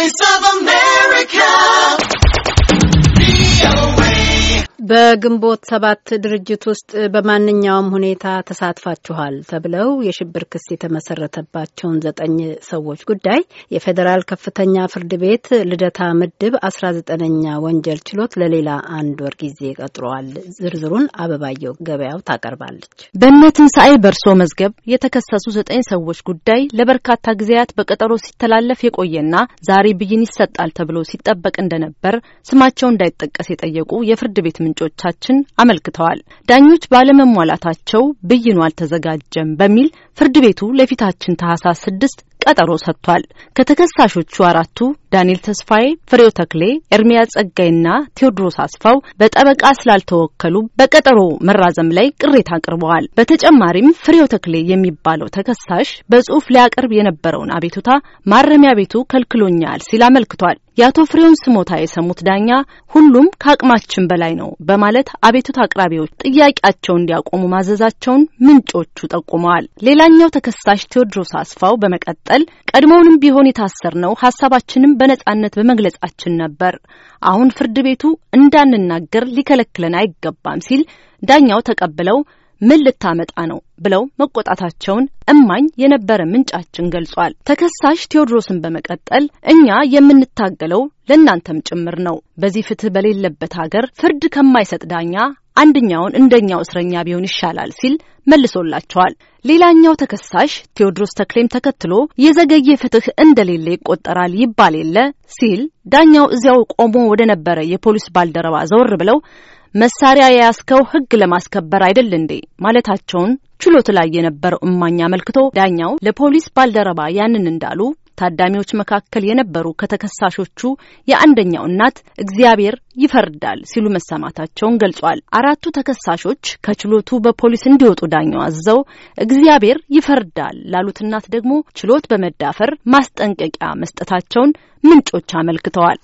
voice of በግንቦት ሰባት ድርጅት ውስጥ በማንኛውም ሁኔታ ተሳትፋችኋል ተብለው የሽብር ክስ የተመሰረተባቸውን ዘጠኝ ሰዎች ጉዳይ የፌዴራል ከፍተኛ ፍርድ ቤት ልደታ ምድብ አስራ ዘጠነኛ ወንጀል ችሎት ለሌላ አንድ ወር ጊዜ ቀጥሯል። ዝርዝሩን አበባየው ገበያው ታቀርባለች። በእነ ትንሣኤ በርሶ መዝገብ የተከሰሱ ዘጠኝ ሰዎች ጉዳይ ለበርካታ ጊዜያት በቀጠሮ ሲተላለፍ የቆየና ዛሬ ብይን ይሰጣል ተብሎ ሲጠበቅ እንደነበር ስማቸው እንዳይጠቀስ የጠየቁ የፍርድ ቤት ምንጮ ምንጮቻችን አመልክተዋል። ዳኞች ባለመሟላታቸው ብይኑ አልተዘጋጀም በሚል ፍርድ ቤቱ ለፊታችን ታህሳስ ስድስት ቀጠሮ ሰጥቷል። ከተከሳሾቹ አራቱ ዳንኤል ተስፋዬ፣ ፍሬው ተክሌ፣ ኤርሚያ ጸጋይና ቴዎድሮስ አስፋው በጠበቃ ስላልተወከሉ በቀጠሮ መራዘም ላይ ቅሬታ አቅርበዋል። በተጨማሪም ፍሬው ተክሌ የሚባለው ተከሳሽ በጽሁፍ ሊያቀርብ የነበረውን አቤቱታ ማረሚያ ቤቱ ከልክሎኛል ሲል አመልክቷል። የአቶ ፍሬውን ስሞታ የሰሙት ዳኛ ሁሉም ከአቅማችን በላይ ነው በማለት አቤቱታ አቅራቢዎች ጥያቄያቸውን እንዲያቆሙ ማዘዛቸውን ምንጮቹ ጠቁመዋል። ሌላኛው ተከሳሽ ቴዎድሮስ አስፋው በመቀጠል ቀድሞውንም ቢሆን ነው ሀሳባችንም በነጻነት በመግለጻችን ነበር። አሁን ፍርድ ቤቱ እንዳንናገር ሊከለክለን አይገባም ሲል ዳኛው ተቀብለው ምን ልታመጣ ነው ብለው መቆጣታቸውን እማኝ የነበረ ምንጫችን ገልጿል። ተከሳሽ ቴዎድሮስን በመቀጠል እኛ የምንታገለው ለእናንተም ጭምር ነው። በዚህ ፍትህ በሌለበት ሀገር ፍርድ ከማይሰጥ ዳኛ አንደኛውን እንደኛው እስረኛ ቢሆን ይሻላል ሲል መልሶላቸዋል። ሌላኛው ተከሳሽ ቴዎድሮስ ተክሌም ተከትሎ የዘገየ ፍትህ እንደሌለ ይቆጠራል ይባል የለ ሲል ዳኛው እዚያው ቆሞ ወደ ነበረ የፖሊስ ባልደረባ ዘወር ብለው መሳሪያ የያዝከው ህግ ለማስከበር አይደል እንዴ ማለታቸውን ችሎት ላይ የነበረው እማኝ አመልክቶ ዳኛው ለፖሊስ ባልደረባ ያንን እንዳሉ ታዳሚዎች መካከል የነበሩ ከተከሳሾቹ የአንደኛው እናት እግዚአብሔር ይፈርዳል ሲሉ መሰማታቸውን ገልጿል። አራቱ ተከሳሾች ከችሎቱ በፖሊስ እንዲወጡ ዳኛው አዘው እግዚአብሔር ይፈርዳል ላሉት እናት ደግሞ ችሎት በመዳፈር ማስጠንቀቂያ መስጠታቸውን ምንጮች አመልክተዋል።